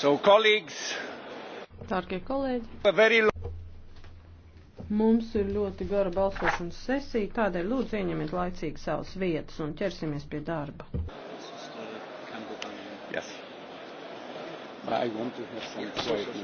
So, Dārgie kolēģi, very... mums ir ļoti gara balsošanas sesija, tādēļ lūdzu ieņemiet laicīgi savas vietas un ķersimies pie darba. Yes. But I want to have some